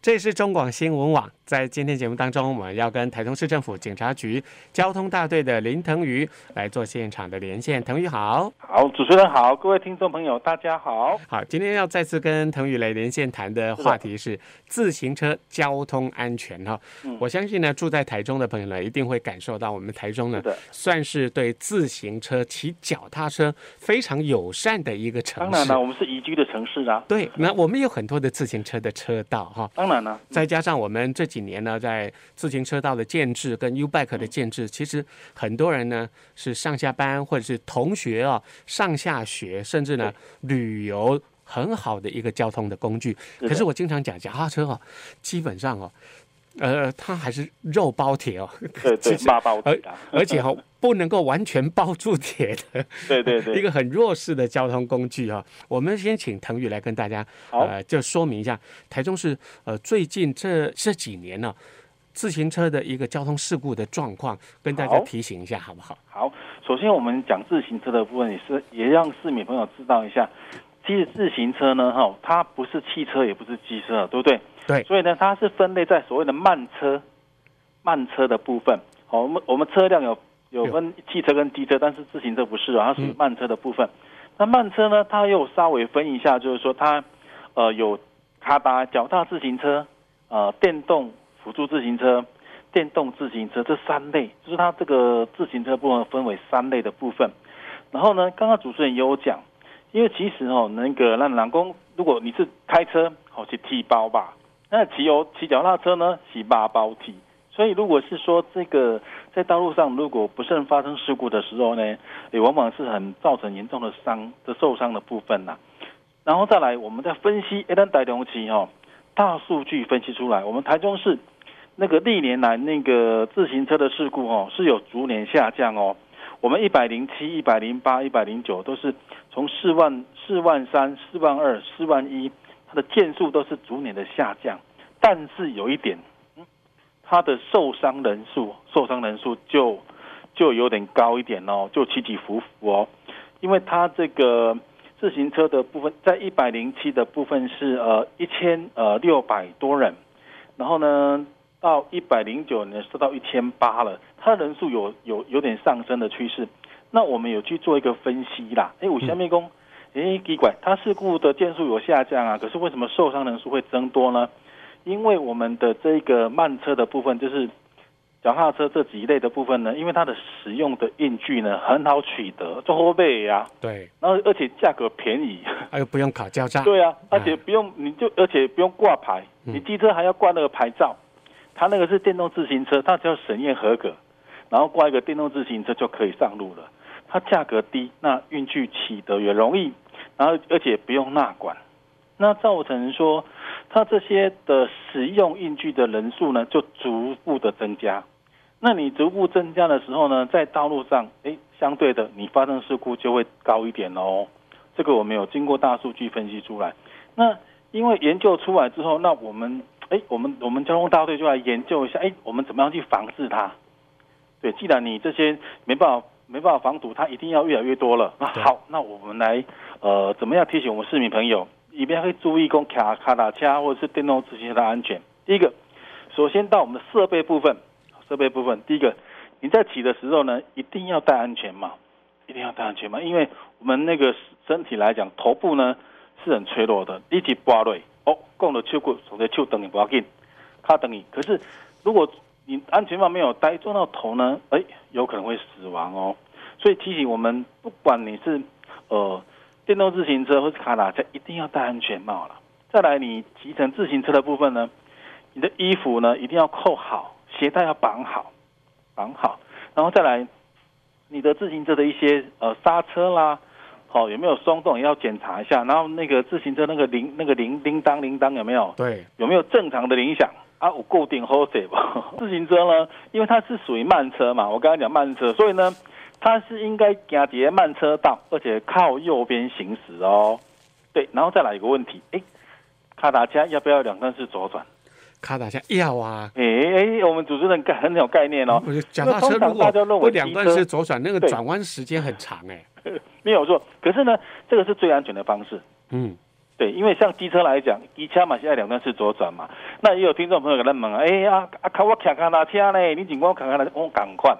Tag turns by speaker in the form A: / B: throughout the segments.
A: 這是中廣新聞網。在今天節目當中，我們要跟台中市政府警察局交通大隊的林騰宇來做現場的連線。騰宇好。
B: 好好，主持人好，各位聽眾朋友，大家好
A: 好。今天要再次跟騰宇來連線談的話題是自行車交通安全哈。啊，我相信呢，住在台中的朋友呢，一定會感受到我們台中呢，是的算是對自行車騎腳踏車非常友善的一個城市。當然了，我們
B: 是宜居的城市啊。
A: 對，那我們有很多的自行車的車道哈。當然了，再加上我們這幾。幾年呢，在自行車道的建制跟 U bike 的建制，其實很多人呢是上下班或者是同學啊上下學，甚至呢旅遊很好的一個交通的工具。對可是我經常講，腳踏車啊，基本上哦、啊。呃，它還是肉包鐵哦，對對，而實、啊、而且哈、哦， 不能夠完全包住鐵的，對對對，一個很弱勢的交通工具啊、哦。我們先請騰宇來跟大家好呃，就說明一下台中市呃最近這這幾年呢、哦，自行車的一個交通事故的狀況，跟大家提醒一下好不好？
B: 好，好，首先我們講自行車的部分，也是也讓市民朋友知道一下。其實自行車呢，哈，它不是汽車，也不是機車，對不對？對。所以呢，它是分類在所謂的慢車、慢車的部分。好，我們我們車輛有有分汽車跟機車，但是自行車不是，它屬於慢車的部分。嗯、那慢車呢，它又稍微分一下，就是說它呃有卡巴、腳踏自行車、呃電動輔助自行車、電動自行車這三類，就是它這個自行車部分分為三類的部分。然後呢，剛剛主持人也有講。因為其實吼、哦，那個讓男工，如果你是開車，好去鐵包肉吧，那騎油騎腳踏車呢，是肉包鐵。所以如果是說，這個在道路上如果不慎發生事故的時候呢，也往往是很造成嚴重的傷的受傷的部分吶、啊。然後再來，我們再分析，一旦帶動旗吼，大數據分析出來，我們台中市那個歷年來那個自行車的事故吼、哦、是有逐年下降哦。我們一百零七、一百零八、一百零九都是從四萬、四萬三、四萬二、四萬一，它的件數都是逐年的下降，但是有一點，它的受傷人數受傷人數就就有點高一點哦，就起起伏伏哦，因為它這個自行車的部分，在一百零七的部分是呃一千呃六百多人，然後呢。到一百零九年，收到一千八了。它人數有有有點上升的趨勢。那我們有去做一個分析啦。哎、欸，五線面工，哎、嗯欸，奇怪，它事故的件數有下降啊，可是為什麼受傷人數會增多呢？因為我們的這個慢車的部分，就是腳踏車這幾類的部分呢，因為它的使用的用具呢很好取得，做後備啊。對。然後而且價格便宜，
A: 哎，不用考駕照。對啊，而且
B: 不用、嗯、你就，而且不用掛牌，嗯、你機車還要掛那個牌照。它那個是電動自行車，它只要審驗合格，然後掛一個電動自行車就可以上路了。它價格低，那運具取得也容易，然後而且不用納管，那造成說它這些的使用運具的人數呢就逐步的增加。那你逐步增加的時候呢，在道路上，哎，相對的你發生事故就會高一點哦。這個我們有經過大數據分析出來。那因為研究出來之後，那我們。哎，我們我們交通大隊就來研究一下，哎，我們怎麼樣去防治它？對，既然你這些沒辦法沒辦法防堵，它一定要越來越多了。那對、啊、好，那我們來呃，怎麼樣提醒我們市民朋友，以便會注意跟卡卡打車或者是電動自行車的安全？第一個，首先到我們的設備部分，設備部分，第一個，你在騎的時候呢，一定要戴安全帽，一定要戴安全帽，因為我們那個身體來講，頭部呢是很脆弱的，立體刮銳。哦，過了秋過，從這秋，等你不要緊，他等你。可是，如果你安全帽沒有戴，撞到頭呢？哎、欸，有可能會死亡哦。所以提醒我們，不管你是呃電動自行車或是卡搭車，一定要戴安全帽啦。再來，你騎乘自行車的部分呢，你的衣服呢一定要扣好，鞋帶要綁好，綁好。然後再來，你的自行車的一些呃剎車啦。好、哦，有沒有鬆動也要檢查一下。然後那個自行車那個鈴，那個鈴鈴鐺鈴鐺有沒有？對，有沒有正常的鈴響啊？我固定好不自行車呢，因為它是屬於慢車嘛，我剛才講慢車，所以呢，它是應該行捷慢車道，而且靠右邊行駛哦。對，然後再來一個問題，哎、欸，腳踏車要不要兩段式左轉？
A: 腳踏車要啊。
B: 哎哎、欸欸，我們主持人很有概念哦、嗯。不是，腳踏車如果不兩段式左轉，那個轉
A: 彎時間很長哎、欸。
B: 沒有錯，可是呢，這個是最安全的方式。嗯，對，因為像機車來講，機車嘛，現在兩段式左轉嘛，那也有聽眾朋友在問、欸、啊，哎、啊、呀，看我看看那車嘞，你警官看看來，我趕快，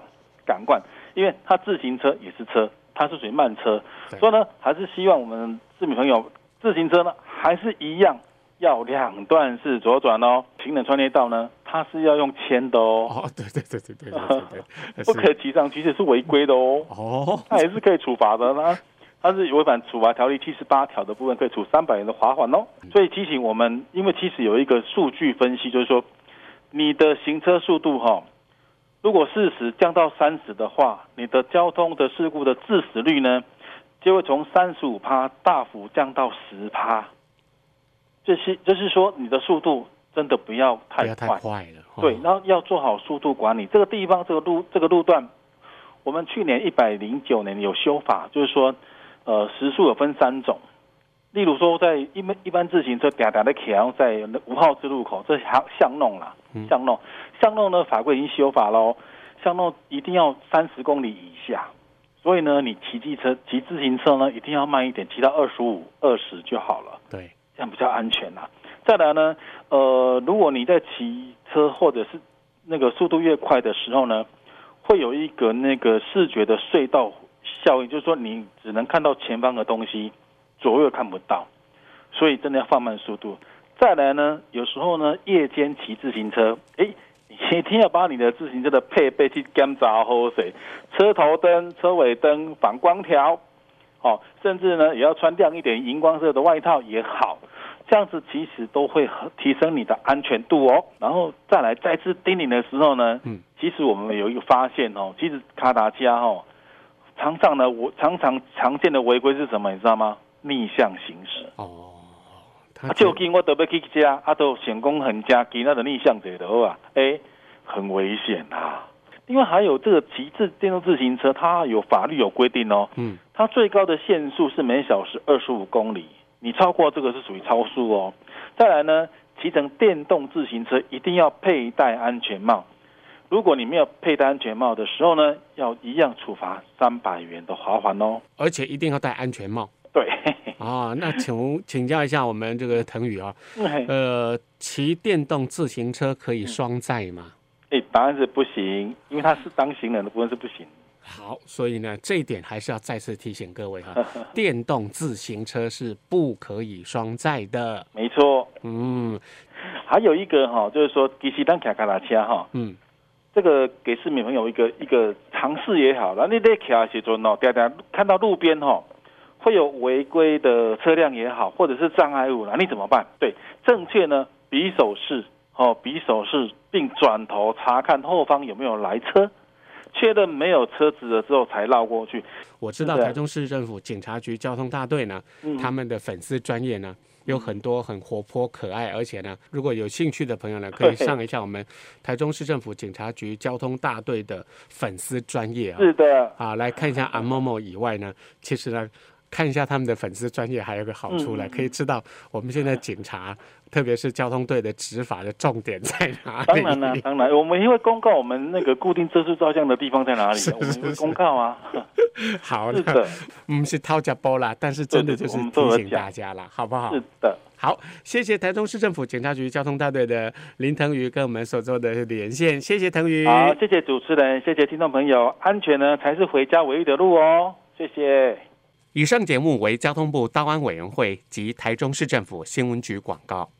B: 趕快，因為他自行車也是車，它是屬於慢車，所以呢，對還是希望我們市民朋友，自行車呢，還是一樣要兩段式左轉哦，平等穿越道呢。他是要用簽的哦，oh, 對對對對對，對 不可以提上去，這是違規的哦。哦，那也是可以處罰的呢。他是違反處罰條例七十八條的部分，可以處三百元的罰款哦。所以提醒我們，因為其實有一個數據分析，就是說你的行車速度哈，如果四十降到三十的話，你的交通的事故的致死率呢，就會從三十五趴大幅降到十趴。這、就是就是說你的速度。真的不要太
A: 快，不要太快了，對，哦，
B: 然後要做好速度管理。這個地方，這個路，這個路段，我們去年一百零九年有修法，就是說，呃，時速有分三種。例如說，在一一般自行車嗲嗲的騎，然後在五號字路口這巷巷弄啦，巷弄巷弄呢法規已經修法嘍，巷弄一定要三十公里以下。所以呢，你騎機車騎自行車呢一定要慢一點，騎到二十五二十就好了，對，這樣比較安全了再來呢，呃，如果你在騎車或者是那個速度越快的時候呢，會有一個那個視覺的隧道效應，就是說你只能看到前方的東西，左右看不到，所以真的要放慢速度。再來呢，有時候呢，夜間騎自行車，哎、欸，你一定要把你的自行車的配備去加裝，好，水車頭燈、車尾燈、反光條，哦，甚至呢，也要穿亮一點熒光色的外套也好。這樣子其實都會提升你的安全度哦，然後再來再次叮嚀你的時候呢，嗯，其實我們有一個發現哦，其實卡達加哦，常常呢，我常常常見的違規是什麼，你知道嗎？逆向行駛哦，他、啊、就因為德貝克加阿都選工橫加給那個逆向者的，對、欸、哎，很危險啊！因為還有這個騎自電動自行車，它有法律有規定哦，嗯，它最高的限速是每小時二十五公里。你超過這個是屬於超速哦。再來呢，騎乘電動自行車一定要佩戴安全帽。如果你沒有佩戴安全帽的時候呢，要一樣處罰三百元的罰款哦。
A: 而且一定要戴安全帽。對。啊、哦，那請請教一下我們這個騰宇啊， 呃，騎電動自行車可以雙載嗎？嗯
B: 答案是不行，因為他是當行人的部分是不行。
A: 好，
B: 所以呢，這一點還是要再次提
A: 醒各位哈， 電動自行車是不可以雙載的。
B: 沒錯錯，嗯，還有一個哈，就是說，其實當卡卡拉車哈，哦、嗯，這個給市民朋友一個一個嘗試也好了。你對卡寫準哦，對看到路邊哈會有違規的車輛也好，或者是障礙物，那你怎麼辦？對，正確呢，比手勢哦，比手勢。並轉頭查看後方有沒有來車，確認沒有車子了之後才繞過去。
A: 我知道台中市政府警察局交通大隊呢，是的。他們的粉絲專頁呢，嗯，有很多很活潑可愛，而且呢，如果有興趣的朋友呢，可以上一下我們台中市政府警察局交通大隊的粉絲專頁啊。是的，啊，來看一下阿某某以外呢，其實呢。看一下他們的粉絲專業，還有個好處嘞，可以知道我們現在警察，嗯、特別是交通隊的執法的重點在哪裡。當然
B: 了、啊，當然，我們因為公告我們那個固定車速照相的地方在哪裡， 是是是，我們公告啊。 好。是的，我
A: 們是掏腳包啦，但是真的就是提醒大家了，好不好？是的，好，謝謝台中市政府警察局交通大隊的林騰宇跟我們所做的連線，謝謝騰宇，好，
B: 謝謝主持人，謝謝聽眾朋友，安全呢才是回家唯一的路哦，謝謝。
A: 以上節目為交通部道安委員會，及台中市政府新聞局廣告。